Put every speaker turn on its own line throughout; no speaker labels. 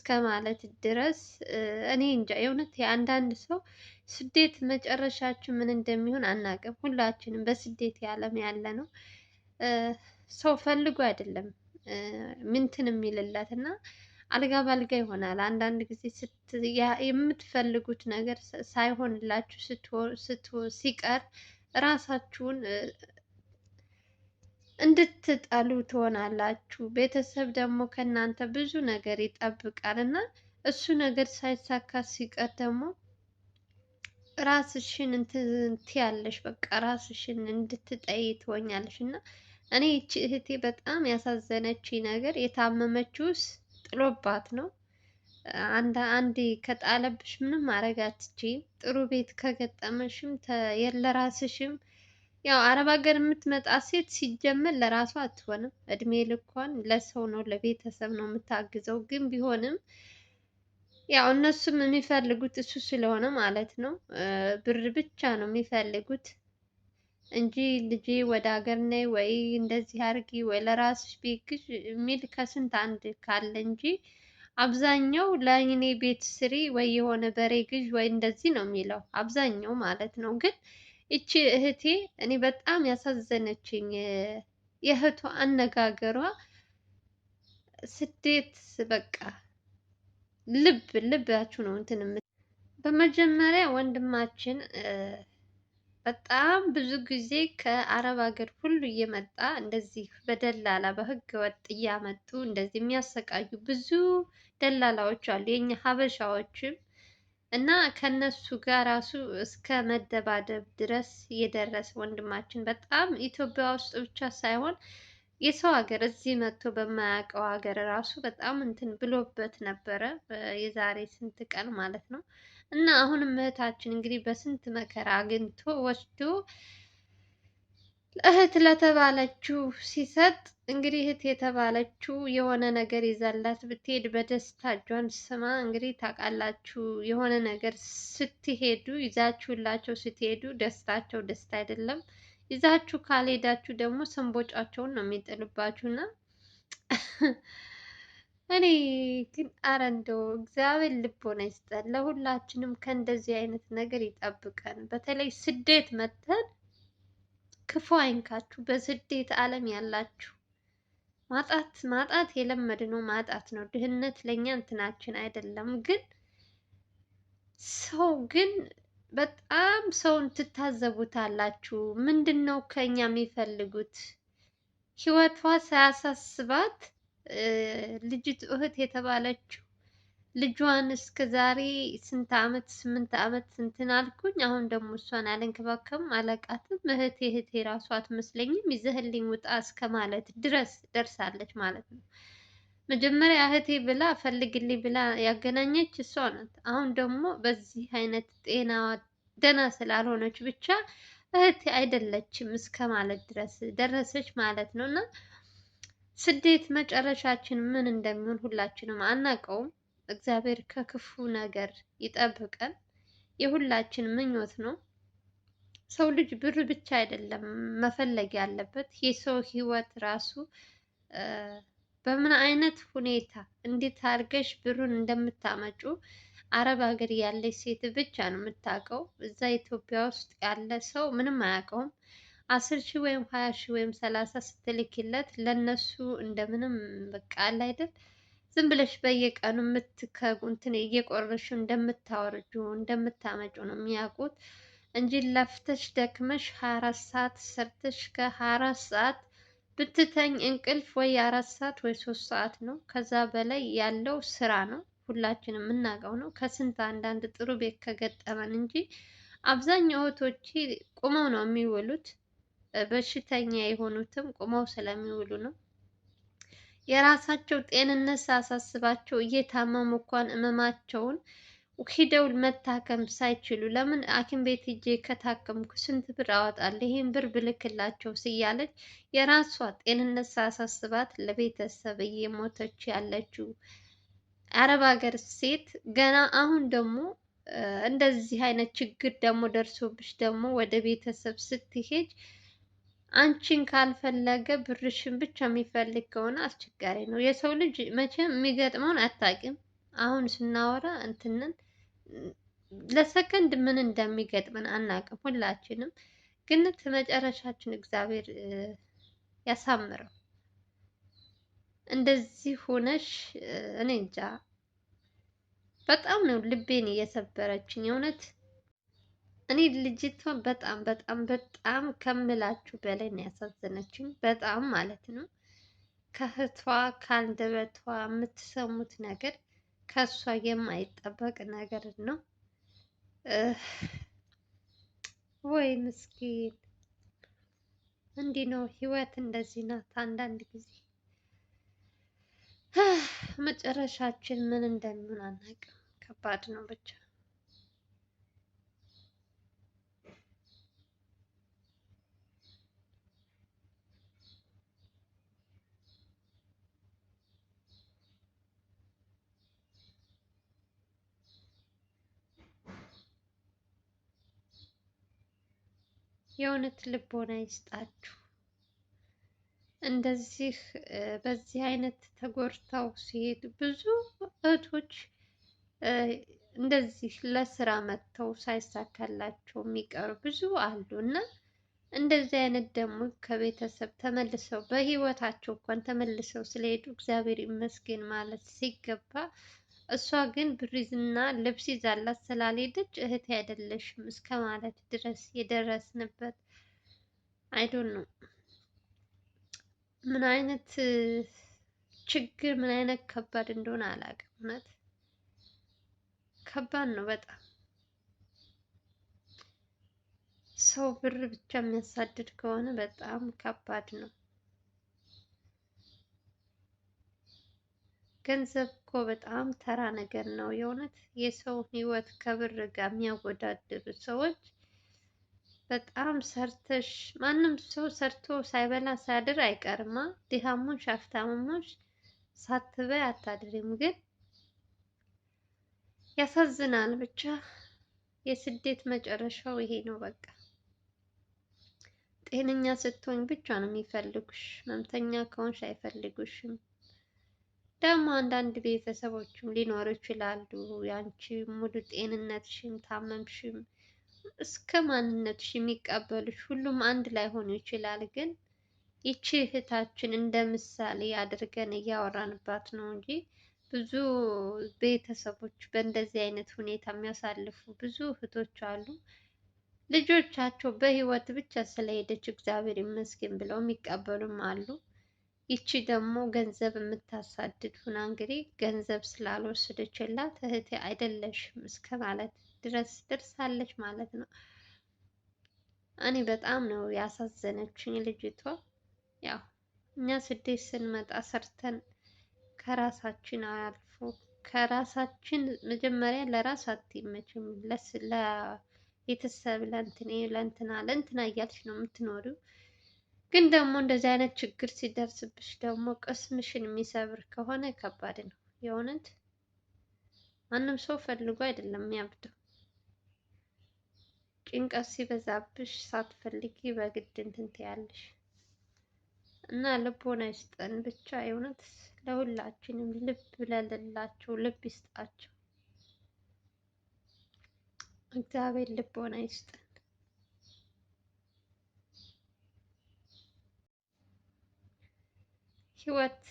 እስከ ማለት ድረስ እኔ እንጃ። የእውነት የአንዳንድ ሰው ስደት መጨረሻችን ምን እንደሚሆን አናውቅም። ሁላችንም በስደት ያለም ያለ ነው። ሰው ፈልጎ አይደለም ምንትን የሚልለት እና አልጋ ባልጋ ይሆናል። አንዳንድ ጊዜ የምትፈልጉት ነገር ሳይሆንላችሁ ሲቀር እራሳችሁን እንድትጠሉ ትሆናላችሁ። ቤተሰብ ደግሞ ከእናንተ ብዙ ነገር ይጠብቃል እና እሱ ነገር ሳይሳካ ሲቀር ደግሞ ራስሽን እንትንት ያለሽ በቃ ራስሽን እንድትጠይ ትሆኛለሽ። እና እኔ ይቺ እህቴ በጣም ያሳዘነች ነገር የታመመችውስ ጥሎባት ነው። አንድ አንድ ከጣለብሽ ምንም ማድረግ አትችይም። ጥሩ ቤት ከገጠመሽም የለራስሽም ያው አረብ ሀገር የምትመጣ ሴት ሲጀመር ለራሷ አትሆንም። እድሜ ልኳን ለሰው ነው ለቤተሰብ ነው የምታግዘው። ግን ቢሆንም ያው እነሱም የሚፈልጉት እሱ ስለሆነ ማለት ነው ብር ብቻ ነው የሚፈልጉት እንጂ ልጅ ወደ ሀገር ነይ ወይ እንደዚህ አርጊ ወይ ለራስሽ ቤግሽ የሚል ከስንት አንድ ካለ እንጂ አብዛኛው ለእኔ ቤት ስሪ ወይ የሆነ በሬ ግዥ ወይ እንደዚህ ነው የሚለው አብዛኛው ማለት ነው ግን እቺ እህቴ እኔ በጣም ያሳዘነችኝ የእህቱ አነጋገሯ ስደት በቃ ልብ ልባችሁ ነው እንትን በመጀመሪያ ወንድማችን በጣም ብዙ ጊዜ ከአረብ ሀገር ሁሉ እየመጣ እንደዚህ በደላላ በህገ ወጥ እያመጡ እንደዚህ የሚያሰቃዩ ብዙ ደላላዎች አሉ። የኛ ሀበሻዎችም እና ከነሱ ጋር ራሱ እስከ መደባደብ ድረስ የደረሰ ወንድማችን በጣም ኢትዮጵያ ውስጥ ብቻ ሳይሆን የሰው ሀገር እዚህ መጥቶ በማያውቀው ሀገር ራሱ በጣም እንትን ብሎበት ነበረ፣ የዛሬ ስንት ቀን ማለት ነው። እና አሁንም እህታችን እንግዲህ በስንት መከራ አግኝቶ ወስዶ እህት ለተባለችው ሲሰጥ እንግዲህ እህት የተባለችው የሆነ ነገር ይዛላት ብትሄድ በደስታ እጇን ስማ። እንግዲህ ታውቃላችሁ፣ የሆነ ነገር ስትሄዱ ይዛችሁላቸው ስትሄዱ ደስታቸው ደስታ አይደለም። ይዛችሁ ካልሄዳችሁ ደግሞ ሰንቦጫቸውን ነው የሚጥሉባችሁና እኔ ግን አረ እንደው እግዚአብሔር ልቦና ይስጠን። ለሁላችንም ከእንደዚህ አይነት ነገር ይጠብቀን። በተለይ ስደት መተን ክፉ አይንካችሁ። በስደት ዓለም ያላችሁ ማጣት ማጣት ነው ማጣት ነው። ድህነት ለእኛ እንትናችን አይደለም። ግን ሰው ግን በጣም ሰውን ትታዘቡታላችሁ። ምንድን ነው ከእኛ የሚፈልጉት? ህይወቷ ሳያሳስባት ልጅት እህት የተባለችው ልጇን እስከ ዛሬ ስንት አመት ስምንት አመት ስንትን አልኩኝ። አሁን ደግሞ እሷን አልንከባከብም፣ አላቃትም። እህቴ እህቴ ራሱ አትመስለኝም፣ ይዘህልኝ ውጣ እስከ ማለት ድረስ ደርሳለች ማለት ነው። መጀመሪያ እህቴ ብላ ፈልግልኝ ብላ ያገናኘች እሷ ናት። አሁን ደግሞ በዚህ አይነት ጤና ደህና ስላልሆነች ብቻ እህቴ አይደለችም እስከ ማለት ድረስ ደረሰች ማለት ነው። እና ስደት መጨረሻችን ምን እንደሚሆን ሁላችንም አናውቀውም። እግዚአብሔር ከክፉ ነገር ይጠብቀን የሁላችን ምኞት ነው። ሰው ልጅ ብር ብቻ አይደለም መፈለግ ያለበት የሰው ህይወት ራሱ በምን አይነት ሁኔታ እንዴት አድርገሽ ብሩን እንደምታመጩ አረብ ሀገር ያለች ሴት ብቻ ነው የምታውቀው። እዛ ኢትዮጵያ ውስጥ ያለ ሰው ምንም አያውቀውም። አስር ሺህ ወይም ሀያ ሺህ ወይም ሰላሳ ስትልክለት ለእነሱ እንደምንም በቃ አለ አይደል ዝም ብለሽ በየቀኑ የምትከጉንትን እየቆረሹ እንደምታወርጁ እንደምታመጩ ነው የሚያውቁት እንጂ ለፍተሽ ደክመሽ ሀያ አራት ሰዓት ሰርተሽ ከሀያ አራት ሰዓት ብትተኝ እንቅልፍ ወይ አራት ሰዓት ወይ ሶስት ሰዓት ነው። ከዛ በላይ ያለው ስራ ነው። ሁላችንም የምናውቀው ነው። ከስንት አንዳንድ ጥሩ ቤት ከገጠመን እንጂ አብዛኛው እህቶቼ ቁመው ነው የሚውሉት። በሽተኛ የሆኑትም ቁመው ስለሚውሉ ነው። የራሳቸው ጤንነት ሳሳስባቸው እየታመሙ እንኳን ህመማቸውን ሂደው መታከም ሳይችሉ ለምን ሐኪም ቤት ሄጄ ከታከምኩ ስንት ብር አወጣለሁ ይህን ብር ብልክላቸው ስያለች የራሷ ጤንነት ሳሳስባት ለቤተሰብ እየሞተች ያለችው አረብ ሀገር ሴት ገና አሁን ደግሞ እንደዚህ አይነት ችግር ደግሞ ደርሶብሽ ደግሞ ወደ ቤተሰብ ስትሄጅ አንቺን ካልፈለገ ብርሽን ብቻ የሚፈልግ ከሆነ አስቸጋሪ ነው። የሰው ልጅ መቼም የሚገጥመውን አታቂም አሁን ስናወራ እንትንን ለሰከንድ ምን እንደሚገጥመን አናውቅም ሁላችንም። ግን መጨረሻችን እግዚአብሔር ያሳምረው። እንደዚህ ሆነሽ እኔ እንጃ በጣም ነው ልቤን እየሰበረችኝ የእውነት እኔ ልጅቷ በጣም በጣም በጣም ከምላችሁ በላይ ነው ያሳዘነችኝ። በጣም ማለት ነው። ከህቷ ከአንደበቷ የምትሰሙት ነገር ከእሷ የማይጠበቅ ነገር ነው። ወይ ምስኪን! እንዲህ ነው ህይወት፣ እንደዚህ ናት። አንዳንድ ጊዜ መጨረሻችን ምን እንደሚሆን አናውቅም። ከባድ ነው ብቻ የእውነት ልቦና ይስጣችሁ። እንደዚህ በዚህ አይነት ተጎድተው ሲሄዱ ብዙ እህቶች እንደዚህ ለስራ መጥተው ሳይሳካላቸው የሚቀሩ ብዙ አሉ እና እንደዚህ አይነት ደግሞ ከቤተሰብ ተመልሰው በህይወታቸው እንኳን ተመልሰው ስለሄዱ እግዚአብሔር ይመስገን ማለት ሲገባ እሷ ግን ብሪዝና ልብስ ይዛላት ስላልሄደች እህቴ አይደለሽም እስከ ማለት ድረስ የደረስንበት አይዶን ነው። ምን አይነት ችግር ምን አይነት ከባድ እንደሆነ አላውቅም። እውነት ከባድ ነው በጣም ሰው ብር ብቻ የሚያሳድድ ከሆነ በጣም ከባድ ነው። ገንዘብ እኮ በጣም ተራ ነገር ነው። የእውነት የሰው ህይወት ከብር ጋር የሚያወዳድሩ ሰዎች በጣም ሰርተሽ ማንም ሰው ሰርቶ ሳይበላ ሳያድር አይቀርማ። ድሃሙን ሀብታሙሽ ሳትበይ አታድሪም። ግን ያሳዝናል። ብቻ የስደት መጨረሻው ይሄ ነው በቃ። ጤነኛ ስትሆኝ ብቻ ነው የሚፈልጉሽ። መምተኛ ከሆንሽ አይፈልጉሽም። ደግሞ አንዳንድ ቤተሰቦችም ሊኖሩ ይችላሉ። ያንቺ ሙሉ ጤንነትሽም ታመምሽም እስከ ማንነትሽ የሚቀበሉሽ ሁሉም አንድ ላይ ሆኑ ይችላል። ግን ይቺ እህታችን እንደ ምሳሌ አድርገን እያወራንባት ነው እንጂ ብዙ ቤተሰቦች በእንደዚህ አይነት ሁኔታ የሚያሳልፉ ብዙ እህቶች አሉ። ልጆቻቸው በህይወት ብቻ ስለሄደች እግዚአብሔር ይመስገን ብለው የሚቀበሉም አሉ። ይቺ ደግሞ ገንዘብ የምታሳድድ ሁና እንግዲህ ገንዘብ ስላልወሰደችላት እህቴ አይደለሽም እስከ ማለት ድረስ ደርሳለች ማለት ነው። እኔ በጣም ነው ያሳዘነችኝ ልጅቷ። ያው እኛ ስደት ስንመጣ ሰርተን ከራሳችን አልፎ ከራሳችን መጀመሪያ ለራስ አትመችም፣ ለቤተሰብ ለእንትኔ ለእንትና ለእንትና እያልሽ ነው የምትኖሪው። ግን ደግሞ እንደዚህ አይነት ችግር ሲደርስብሽ ደግሞ ቅስምሽን የሚሰብር ከሆነ ከባድ ነው። የእውነት ማንም ሰው ፈልጎ አይደለም የሚያብደው። ጭንቀት ሲበዛብሽ ሳትፈልጊ በግድ እንትን ትያለሽ እና ልቦና ይስጠን ብቻ የእውነት ለሁላችንም ልብ ለሌላቸው ልብ ይስጣቸው እግዚአብሔር ልቦና ይስጠን። ህይወት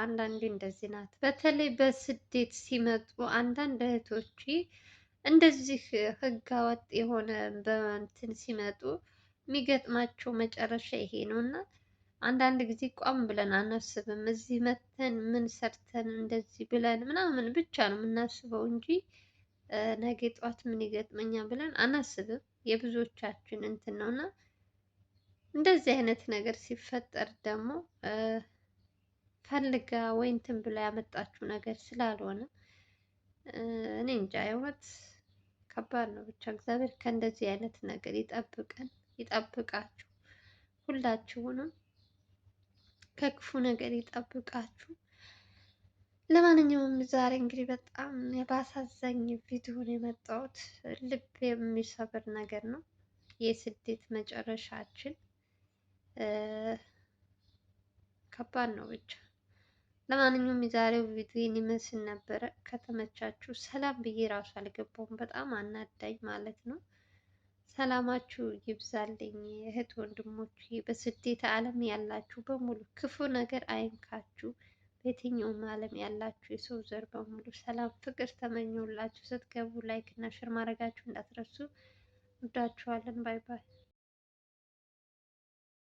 አንዳንዴ እንደዚህ ናት። በተለይ በስደት ሲመጡ አንዳንድ እህቶች እንደዚህ ህገወጥ የሆነ በእንትን ሲመጡ የሚገጥማቸው መጨረሻ ይሄ ነው እና አንዳንድ ጊዜ ቋም ብለን አናስብም። እዚህ መተን ምን ሰርተን እንደዚህ ብለን ምናምን ብቻ ነው የምናስበው እንጂ ነገ ጧት ምን ይገጥመኛ ብለን አናስብም። የብዙዎቻችን እንትን ነው እና እንደዚህ አይነት ነገር ሲፈጠር ደግሞ ፈልጋ ወይ እንትን ብላ ያመጣችው ነገር ስላልሆነ እኔ እንጃ የእውነት ከባድ ነው። ብቻ እግዚአብሔር ከእንደዚህ አይነት ነገር ይጠብቀን፣ ይጠብቃችሁ፣ ሁላችሁንም ከክፉ ነገር ይጠብቃችሁ። ለማንኛውም ዛሬ እንግዲህ በጣም ባሳዛኝ ቪዲዮ ነው የመጣሁት። ልብ የሚሰብር ነገር ነው የስደት መጨረሻችን ከባድ ነው ብቻ። ለማንኛውም የዛሬው ቪዲዮ ይመስል ነበረ። ከተመቻችሁ ሰላም ብዬ ራሱ አልገባውም። በጣም አናዳኝ ማለት ነው። ሰላማችሁ ይብዛልኝ እህት ወንድሞች፣ በስደት ዓለም ያላችሁ በሙሉ ክፉ ነገር አይንካችሁ። በየትኛውም ዓለም ያላችሁ የሰው ዘር በሙሉ ሰላም፣ ፍቅር ተመኘውላችሁ። ስትገቡ ላይክ እና ሽር ማድረጋችሁ እንዳትረሱ። እንወዳችኋለን። ባይ ባይ።